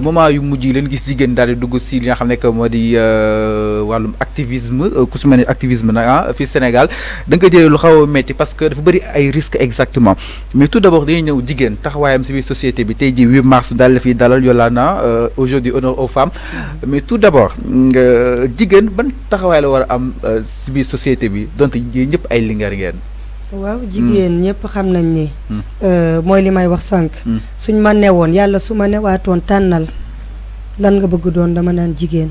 moment yu mujj yi leen gis jigéen daal di dugg si li nga xam ne que moo di euh, wàllum activisme euh, ku su mel ne activisme nag ah fii Sénégal da nga ko jëlee lu xaw a métti parce que dafa bëri ay risques exactement mais tout d' abord dañuy ñëw jigéen taxawaayam am biir société bi tey jii 8 mars daal la fiy dalal Yolanda euh, aujourd'hui honneur aux femmes mm-hmm. mais tout d' nga jigéen ban taxawaay la war a am si biir société bi donte ñëpp ay lingar ngeen. waaw jigéen hmm. ñëpp xam nañ ni. Hmm. Euh, mooy li may wax sànq. Hmm. suñ ma ne woon yàlla su ma newaatoon tànnal lan nga bëgg doon dama naan jigéen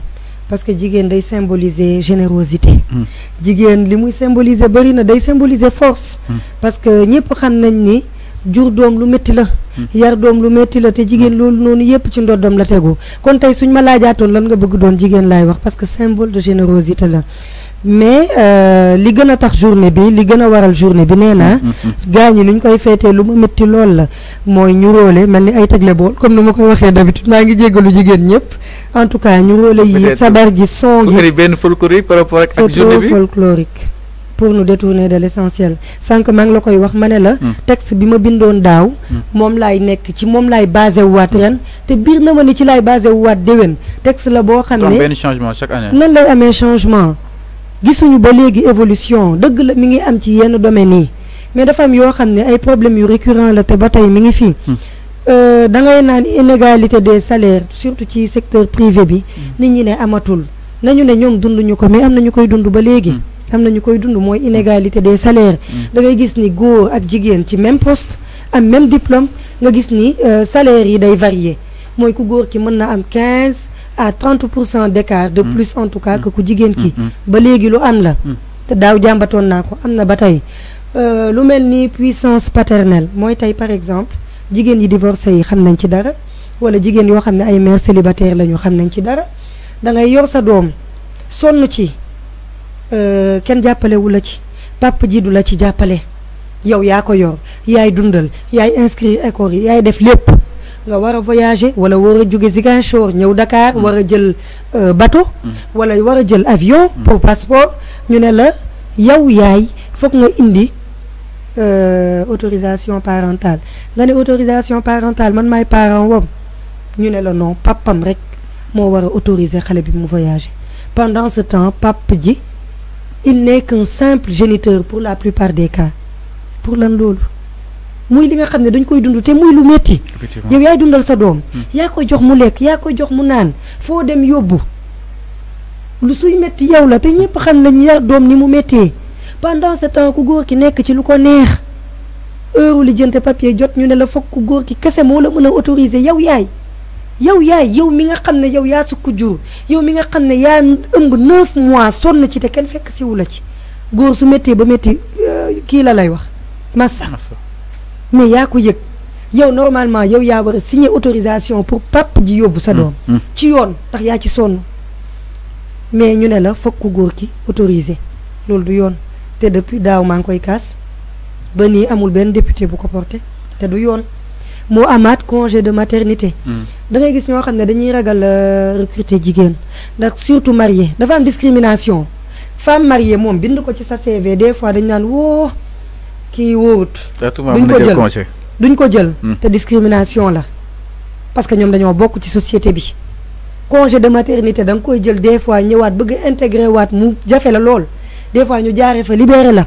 parce que jigéen day symboliser générosité. jigéen li muy symboliser bëri na day symboliser force. parce que ñëpp xam nañ ni jur doom lu metti la. yar doom lu metti la te jigéen loolu noonu yëpp ci ndoddam la tegu kon tey suñ ma laajaatoon lan nga bëgg doon jigéen laay wax parce que symbole de générosité la. mais euh, li gëna tax journée bi li gëna waral journée bi néna naa. ñu koy fété lu ma métti lool la moy ñu roole melni ay tagle bol comme ni koy waxee d'habitude ma ngi jéggalu jigéen ñëpp en tout cas ñu roole yi sabar gi son gi benn folklorique par rapport ak journée bi c'est folklorique pour nous détourner de l'essentiel sank maa ngi la koy wax mané la. Mm. texte bi ma bindoon daaw. Mm. moom laay nekk ci mom lay basé waat mm. ren. te biir na ma ni ci lay basé wat dewen texte la bo xamné ne. changement chaque année. nan lay amé changement gisuñu ba légui évolution deug la mi ngi am ci yenn domaine yi mais dafa am yo xamné ay problème yu récurrent la té batay mi ngi fi hmm. euh da ngay nane inégalité des salaires surtout ci secteur privé bi hmm. nit ñi ne amatul nañu né ñom dunduñu ko mais am na ñu koy dund ba légui hmm. am na ñu koy dund moy inégalité des salaires da ngay gis ni goor ak jigen ci même poste am même diplôme nga gis ni euh, salaire yi day varier moy ku goor ki mën na am quinze à trente pour cent d'écart de mm. plus en tout cas que mm. ku jigen ki mm, ba légui lu am la te daw jambaton nako ko batay na euh, lu puissance paternelle moy tay par exemple jigen yi divorcé yi xam nañ ci dara wala jigen yo xamné ay mère célibataire lañu ñu xam nañ ci dara da ngay yor sa dom sonu ci euh, kenn jàppalewu la ci pàpp ji du la ci jàppale yow ya ko yor yaay dundal yaay inscrire école yaay def lépp nga wara voyager wala wara a jóge Ziguinchor Dakar mm. war a jël euh, bateau mm. wala wara jël avion mm. pour passeport ñu ne la yow yaay foog nga indi euh, autorisation parentale nga ne autorisation parentale man may parent wom ñu ne la non papam rek mo wara autoriser xalé bi mu voyager pendant ce temps pap ji il n'est qu'un simple géniteur pour la plupart des cas pour lan muy li nga xam ne dañ koy dund te muy lu metti yow yaay dundal sa doom hmm. yaa koy jox mu lekk yaa koy jox mu naan foo dem yóbbu lu suy metti yow la te ñëpp xam nañ yar doom ni mu méttee pendant ce temps ku góor ki nekk ci lu ko neex heure lijjante jënte papier jot ñu ne la foog ku góor ki kese moo la mën a autoriser yow yaay yow yaay yow mi nga xam ne yow yaa sukk jur yow mi nga xam ne yaa ëmb neuf mois sonn ci te kenn fekk siwu la ci góor su méttee ba métti euh, kii la lay wax massa mais y'a ko yow normalement yow ya wara signer autorisation pour pap ji yóbbu sa doom mm, mm. ci yone tax ya ci sonu mais ñu ne la foog ku ki du yone depuis ba député bu ko du congé de maternité mm. da ngay gis ño je dañuy euh, recruter jigen surtout marié discrimination femme mariée mom bind ko ci sa CV des fois dañ kii wóorut duñ ko jël duñ ko jël te discrimination la parce que ñoom dañoo bokk ci société bi congé de maternité da nga koy jël des fois ñëwaat bëgg intégré waat mu jafe la lool des fois ñu jaaree fa libéré la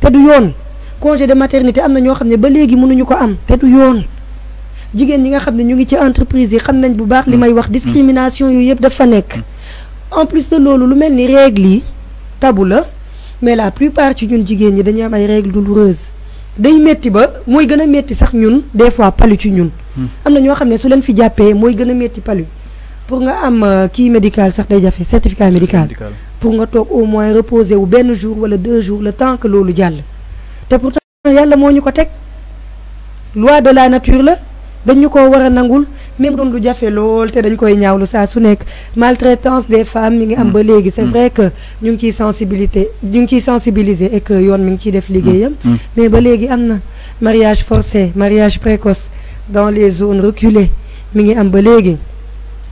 te du yoon congé de maternité am na ñoo xam ne ba léegi mënuñu ko am te du yoon jigéen ñi nga xam ñu ngi ci entreprise yi xam nañ bu baax li hmm. wax discrimination yooyu yëpp dafa nekk hmm. en plus de loolu lu mel ni règle yi tabu mais la plupart ci ñun jigéen règles douloureuses day ba sax ñun des fois ci ñun. Hmm. su leen fi pour nga am euh, médical certificat médical. pour au moins reposer au jour wala deux jours le temps que lolu pourtant ñu ko loi de la nature dañu ko wara nangul même doon lu jafé lol té dañ koy ñaawlu sa su nek maltraitance des femmes mi ngi am ba mm. légui c'est mm. vrai que ñu ngi ci sensibilité ñu ngi ci sensibiliser et que yoon mi ngi ci def mm. liggéeyam mais ba légui amna mariage forcé mariage précoce dans les zones reculées mi ngi am ba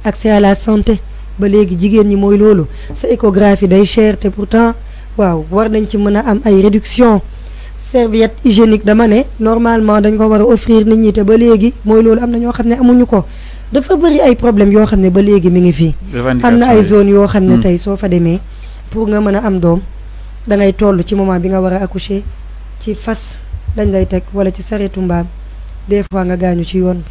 accès à la santé ba légui jigéen ñi moy lolou sa échographie day cher té pourtant waaw war nañ ci mëna am ay réduction serviette hygiénique dama ne normalement dañ ko war a offrir nit ñi te ba léegi mooy loolu am na ñoo xam ne amuñu ko dafa bëri ay problème yoo xam ne ba léegi mu ngi fii am na ay zone yoo xam ne hmm. tey soo fa demee pour nga mën a am doom da ngay toll ci moment bi nga war a accoucher ci fas dañ ngay teg wala ci saretu mbaam des fois nga gaañu ci yoon bi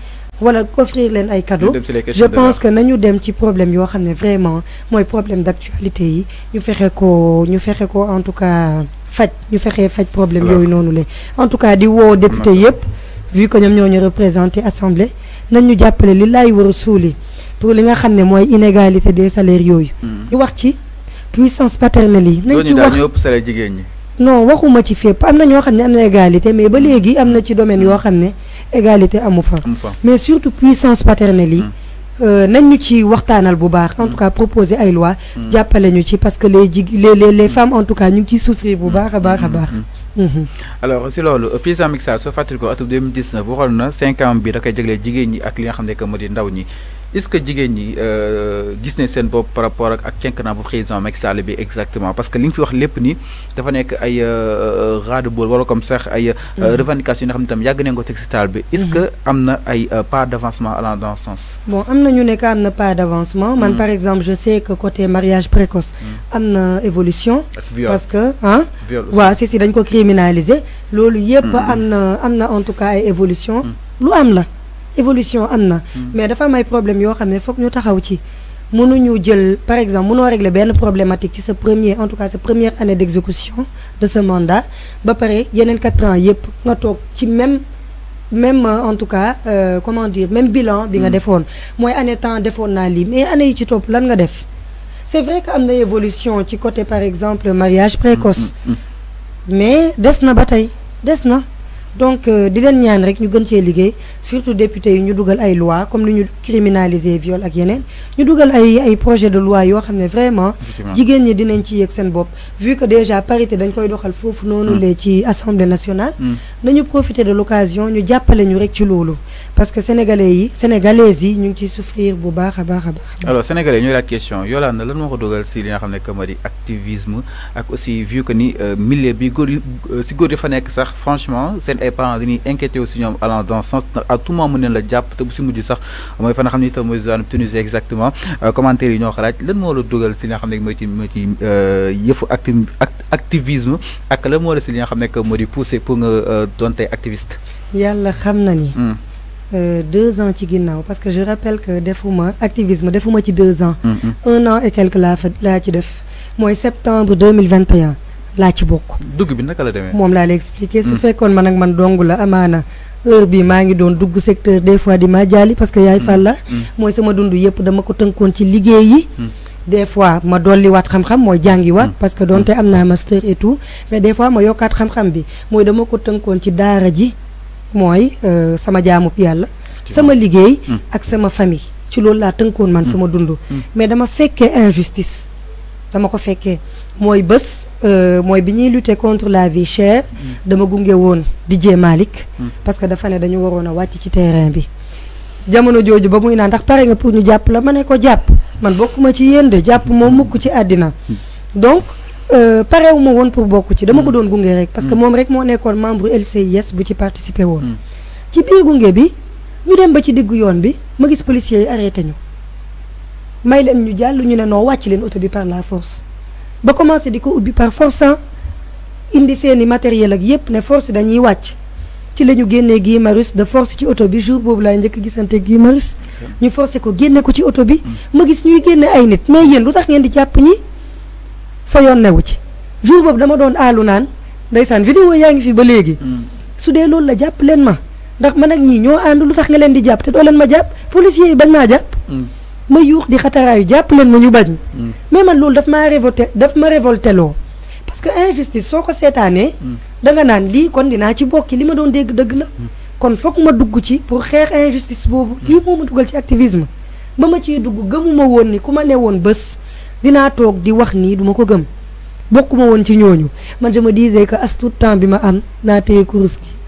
wala offrir leen ay cadeaux je pense que nañu dem ci problème yo xamné vraiment moy problème d'actualité yi ñu fexé ko ñu fexé ko en tout cas fajj ñu fexé fajj problème yoy nonu lé en tout cas di wo député yépp vu que ñom ñoo ñu représenté assemblée nañu jappelé li laay war a pour li nga xamné moy inégalité des salaires yoy hmm. ñu wax ci puissance paternelle yi nañ ci wax non waxuma ci fépp am na xamné xam am égalité mais ba légui amna ci domaine hmm. yo xamné ne égalité mon mais surtout puissance paternelle yi mm. euh, nañ ci en mm. tout cas proposer ay mm. parce que les les femmes en tout cas ñu qui souffrent souffrir alors c'est lolu président 2019 na 5 ans bi da kay jigéñ ñi ak li nga xamné est-ce que jigéen ñi euh, gis né sen bopp par rapport ak ak quinquennat bu président Macky Sall bi exactement parce que li nga fi wax lepp ni dafa nek ay euh, euh, bol wala comme sax ay mm. revendication yi nga xam tam yag nañ est-ce mm-hmm. que amna na ay pas d'avancement allant dans ce sens bon amna ñu nek amna pas d'avancement man mm. par exemple je sais que côté mariage précoce mm. amna évolution parce que hein wa c'est si dañ ko criminaliser lolu yépp mm-hmm. amna amna en tout cas ay évolution lu am la évolution amna na. Hmm. mais dafa may problème yo xamné ne ñu taxaw ci. ñu jël par exemple mënoo régler ben problématique ci ce premier en tout cas sa première année d'exécution de ce mandat ba paré yenen quatre ans yépp nga tok ci même même euh, en tout cas euh, comment dire même bilan bi nga hmm. defoon moy année temps defoon na li mais année ci top lan nga def c'est vrai que amna évolution ci côté par exemple mariage précoce hmm, mais des na batay na donc euh, di leen ñaan rek ñu gën cee liggéey surtout député yi ñu dugal ay loi comme ni ñu criminaliser viol ak yeneen ñu dugal ay ay projet de loi yoo xam ne vraiment jigéen ñi dinañ ci yëg seen bopp vu que déjà parité dañ koy doxal foofu noonu mm. lee ci assemblée nationale mm. nañu profiter de l'occasion ñu jàppale ñu rek ci loolu parce que sénégalais yi sénégalaises yi ñu ngi ciy souffrir bu baax a baax a baax alors sénégalais ñooy laaj question Yolande lan moo ko dogal si li nga xam ne que mari activisme ak aussi vu que ni euh, milieu bi góor euh, si góor yi sax franchement et ay parents dañuy inquiété aussi ñom allant dans sens à tout moment mën la jàpp te bu si mujj sax moy fa nga xam ne itam mooy zone Tunisie exactement euh, commentaire yi ñoo xalaat lan moo la dougal, ci nga xamni moy ci mooy ci euh, acti activisme ak la mo la ci nga xam ne moo pour nga euh, donté activiste. yalla xam na ni. Hmm. deux ans ci ginnaw parce que je rappelle que defuma activisme defuma ci deux ans. Hmm, hmm. un an et quelque la la laa ci def moy septembre 2021. laa ci bokk. dugg bi naka moom laa la expliqué. su hmm. fekkoon man ak man dong la amaana heure bi maa ngi doon dugg secteur des fois di ma jaali parce que yaay hmm. fàlla hmm. mooy sama dund yëpp dama ko tënkoon ci liggéey des fois ma dolliwaat xam-xam mooy jàngiwaat. parce que donte am naa master et tout mais des fois ma yokkaat xam bi mooy dama ko tënkoon ci daara ji mooy euh, sama jaamu yàlla. sama liggéey. ak sama famille. ci loolu laa tënkoon man sama dund. mais dama fekkee injustice dama ko fekkee. mooy bés euh, mooy bi ñuy lutter contre la vie chère mm. dama gunge woon DJ Malick mm. parce que dafa ne dañu waroon a wàcc ci terrain bi jamono jooju ba muy naan ndax pare nga pour ñu jàpp la ma ne ko jàpp man bokkuma ci yéen jàpp moom mm. mukk ci àddina donc euh, parewu ma woon pour bokk ci dama ko doon gunge rek parce que moom rek moo nekkoon membre LCIS bu ci participer woon ci biir gunge bi ñu dem ba ci diggu yoon bi ma gis policier yi arrêté ñu may leen ñu jàll ñu ne noo wàcc leen auto bi par la force ba commencé di ko ubbi par force indi seeni matériel ak yépp ne force dañuy wàcc ci la ñu génnee Guy Marius de force ci oto bi jour boobu laay njëkk gisante Guy Marius ñu forcé ko génne ko ci oto bi mm. ma gis ñuy génne ay nit mais yéen lu tax ngeen di jàpp ñi sa yoon newu ci jour boobu dama doon aalu naan ndeysaan vidéo yaa ngi fi ba léegi mm. su dee loolu la jàpp leen ma ndax man ak ñii ñoo ànd lu tax nga leen di jàpp te doo leen ma jàpp policiers yi bañ naa jàpp mm. ma yuux di xataraayu jàpp leen ma ñu bañ. Hmm. mais man loolu daf maa révolté daf ma révolté loo parce que injustice soo ko seetaanee. Hmm. da nga naan lii kon dinaa ci bokki li ma doon dégg dëgg la. Hmm. kon foog ma dugg ci pour xeex injustice boobu. lii moo ma dugal ci activisme. ba ma ciy dugg gëmuma woon ni ku ma ne woon bés dinaa toog di wax nii duma ko gëm bokkuma woon ci ñooñu man je me disais que as tout temps bi ma am naa téye kurus gi.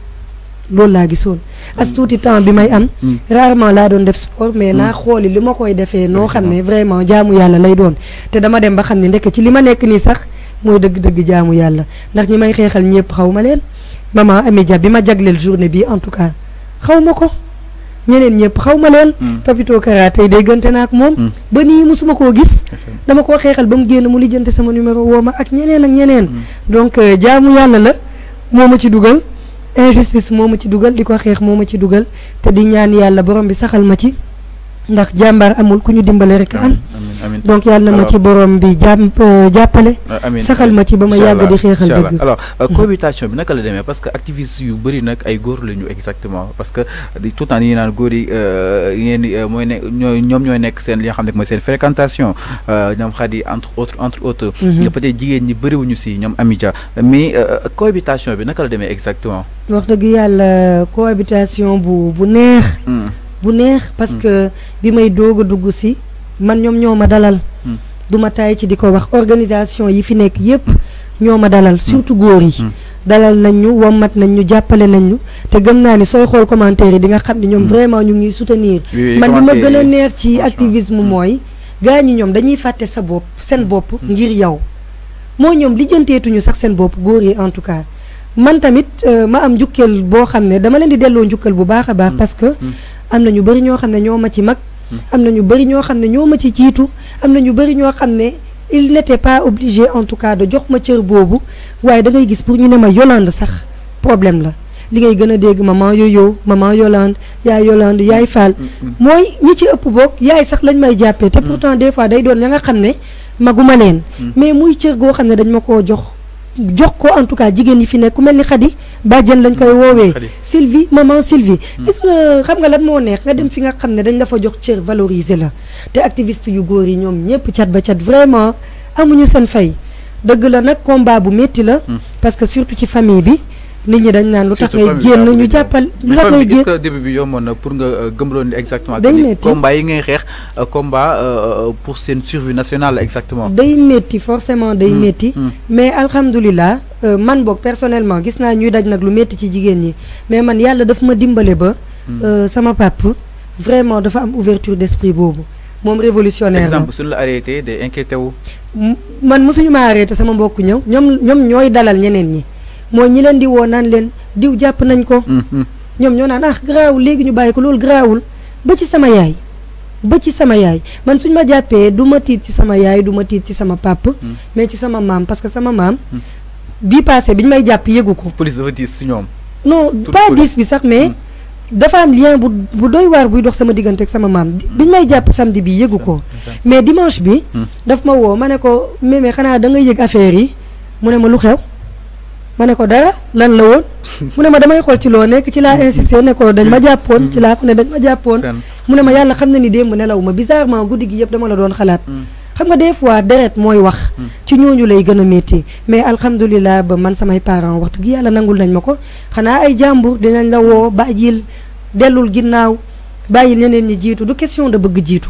loolu laa gisoon as tuuti temps bi may am mm. rarement laa doon def sport mais mm. naa xooli li ma koy defee noo xam ne vraiment jaamu yàlla lay doon te dama dem ba xam ne ndekk ci li ma nekk nii sax mooy dëgg-dëgg jaamu yàlla ndax ñi may xeexal ñëpp xaw ma leen maman Amédia bi ma jagleel journée bii en tout cas xaw ma ko ñeneen ñëpp xaw ma leen mm. Papito Kara tey déggante naa ak moom ba nii musuma koo gis dama koo xeexal ba mu génn mu lijjante sama numéro woo ak ñeneen ak ñeneen donc euh, jaamu yàlla la moo ma ci dugal injustice moo ma ci dugal di ko xeex moo ma ci dugal te di ñaan yàlla borom bi saxal ma ci ndax jàmbaar amul ku ñu dimbale rek an donc yalla na ci borom bi jamp euh, jàppale. Euh, saxal ma ci bama yag di xeexal dëgg. alors mm-hmm. cohabitation bi naka la démé parce que activistes yu bari nak ay góor lañu exactement parce que tout le temps dañuy naan góor yi euh, ngeen mooy ne ñooy ñoom ñooy nekk seen li nga xamné moy mooy seen fréquentation ñom xadi entre autres entre autres. Mm-hmm. peut-être jigéen ñi wuñu ci ñom Amidia mais cohabitation bi naka la démé exactement. wax dëgg yalla cohabitation bu bu neex. Mm. bu neex parce mm. que bi may doog a dugg si. man ñoom ñoo ma dalal. Hmm. du ma taay ci di ko wax organisation yi fi nekk yépp hmm. ñoo ma dalal hmm. surtout góor yi. dalal nañ ñu wommat nañ ñu jàppale nañ ñu te gëm naa ni sooy xool commentaire yi di nga xam ni ñoom vraiment ñu ngi ñuy soutenir. man li ma gën a neex ci activisme mooy. gaa ñi ñoom dañuy fàtte sa bopp seen bopp. ngir yow moo ñoom lijjanteetuñu sax seen bopp góor yi en tout cas. man tamit euh, ma am njukkal boo xam ne dama leen di delloo njukkal bu baax a baax. parce que am na ñu bari ñoo xam ne ñoo ma ci mag. am na ñu bëri ñoo xam ne ñoo ma ci ciitu am na ñu bëri ñoo xam ne il n'était pas obligé en tout cas de jox ma cër boobu waaye da ngay gis pour ñu ne ma Yolande sax problème la li ngay gën a dégg maman yooyo maman Yolande yaay Yolande yaay Fall. Mm, mm, mm. mooy ñi ci ëpp boog yaay sax lañ may jàppee. te pourtant des fois day doon ña nga xam ne maguma leen. mais muy cër goo xam ne dañ ma koo jox. jox ko en tout cas jigéen yi fi nekk ku mel ni Khady bàjjen lañ koy woowee Sylvie maman Sylvie hmm. gis nga xam nga lan moo neex nga dem fi nga xam ne dañ la fa jox cër valoriser la te activiste yu góor yi ñoom ñëpp cat ba cat vraiment amuñu seen fay dëgg la nag combat bu métti la hmm. parce que surtout ci famille bi nit ñi dañ naan lu tax ngay génn ñu jàppal lu tax ngay génn début bi yomboon na pour nga euh, gëmloon ni exactement day metti combat yi ngay xeex euh, combat euh, pour seen survie nationale exactement day metti forcément day hmm, metti hmm. mais alhamdulilah man boog personnellement gis naa ñuy daj nag lu metti ci jigéen ñi mais man yàlla daf ma dimbale ba hmm. sama pap vraiment dafa am ouverture d'esprit boobu moom révolutionnaire la exemple suñu la arrêté day inquiété wu man mosuñu ma arrêté sama mbokk ñëw ñoom ñoom ñooy dalal ñeneen ñi mooy ñi leen di woo naan leen diw jàpp nañ ko. Mm-hmm. ñoom ñoo naan ah garaawul léegi ñu bàyyi ko loolu garaawul ba ci sama yaay. ba ci sama yaay man suñ ma jàppee du ma tiit ci sama yaay du ma tiit ci sama pàpp mm. mais ci sama maam parce que sama maam. Mm. bii passé bi ñu may jàpp yëgu ko. police dafa si ñoom. non pas diis bi mais. Mm. dafa am lien bu bu doy waar buy dox sama diggante sama maam. bi ñu may jàpp samedi bi yëgu ko. mais dimanche bi. daf ma woo ma ne ko mais xanaa da nga yëg affaire yi mu ne ma lu xew. ma ne ko dara lan la woon mu ne ma damay xool ci loo nekk ci laa hmm. insisté ne ko dañ ma jàppoon ci laa ko ne dañ ma jàppoon mu ne ma yàlla xam na ni démb nelaw ma bizarrement guddi gi yëpp dama la doon xalaat hmm. xam nga des fois deret mooy wax hmm. ci ñooñu lay gën a métti mais alhamdulilah ba man samay parents waxtu gi yàlla nangul nañ ma ko xanaa ay jàmbur dinañ la woo bàyyil dellul ginnaaw bàyyil ñeneen ñi jiitu du question de bëgg jiitu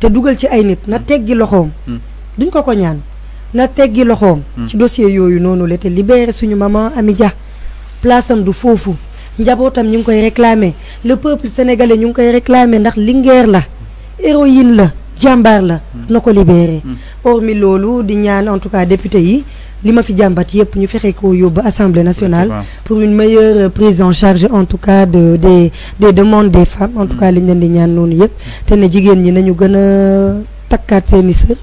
te dugal ci ay nit na teggi loxoom. Hmm. duñ ko ko ñaan na teggi loxoom. Hmm. ci dossier yooyu noonu la te libéré suñu maman Amy Dia place am du foofu njabootam ñu ngi koy réclamer le peuple sénégalais ñu ngi koy réclamer ndax lingeer la héroïne la jàmbaar la hmm. na ko libéré. hormis loolu di ñaan en tout cas député yi. Lima ma fi jàmbat yëpp ñu assemblée nationale pour une meilleure prise en charge en tout cas de des des demandes des femmes en tout cas les leen di ñaan noonu yëpp te ne jigéen ñi nañu gën a takkaat seeni sër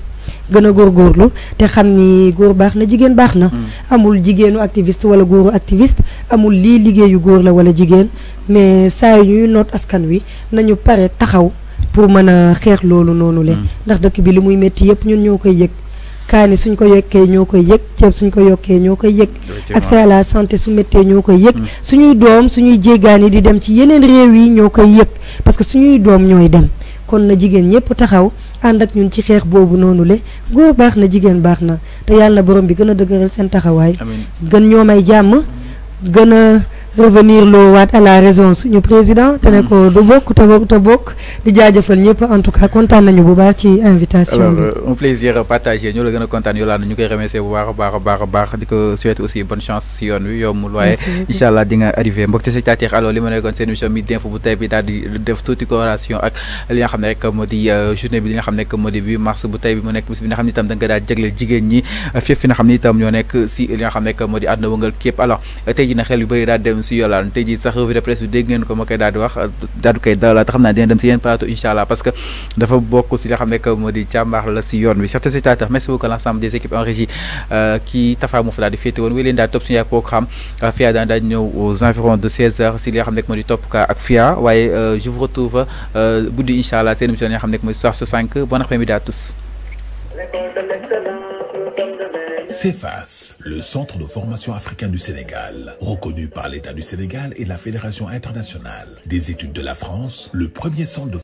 gën gor góorgóorlu te xam ni góor na jigéen baax na mm. amul jigenu activiste wala goru activiste amul li ligéyu gor la wala jigen mais ça yu ñuy noot askan wi nañu paré taxaw pour mëna xéx lolu nonu lé mm. ndax dëkk bi limuy metti métti ñun ñokay koy kaani suñ ko yokkee ñoo koy yëg ceeb suñ ko yokkee ñoo koy yëg ak à la santé su méttee ñoo ko yëg mm. suñuy doom suñuy jéggaani di dem ci yeneen réew yi ñoo ko yëg parce que suñuy doom ñooy dem kon na jigéen ñëpp taxaw ànd ak ñun ci xeex boobu noonu le góor baax na jigéen baax na te yàlla borom bi gën a dëgëral seen taxawaay gën ñoom ay jàmm gën a revenir loo waat à la raison suñu président tane mm. ko du bokk ta bokk te bokk di jaajëfal ñepp en tout cas contane nañu bu baax ci invitation bi euh, un plaisir partagé ñoo la gën a kontaan Yolande ñu koy remercier bu baax a baax a baax baax di ko souhaiter aussi bonne chance si yoon wi yombul waaye incha inshallah di nga arriver mbokk spectateur alors li ma nekkoon seen mission mi d'info bu tay bi daal di def touti corrélation ak li nga xam ne rek moo euh, journée bi li nga xam ne rek moo di 8 mars bu tay bi mu nekk bis bi nga xamni tam da nga da jagleel jigen ñi fépp fi nga xamni tam itam ñoo nekk si li nga xam ne rek moo di wëngal képp alors tay ji na xel yu bari daal dem si yoolaan tey jii sax revue de presse bi dégg ngeen ko makay koy daal di wax daal di koy dalal te xam naa dina dem ci yeneen plateau inshallah parce que dafa bokk si li xamne ko modi moo la si yoon bi chers spectateurs merci beaucoup à l'ensemble des équipes en régie euh, qui Tafa moo fa daal di féete woon wéy leen daal topp suñu programme euh, FIA daan daañ ñëw aux environs de 16 heures si li xamne ko modi top ka ak FIA waye euh, je vous retrouve guddi incha allah seen émission yi nga xam ne que 65 bon après-midi à tous CEFAS, le centre de formation africain du Sénégal, reconnu par l'État du Sénégal et la Fédération internationale des études de la France, le premier centre de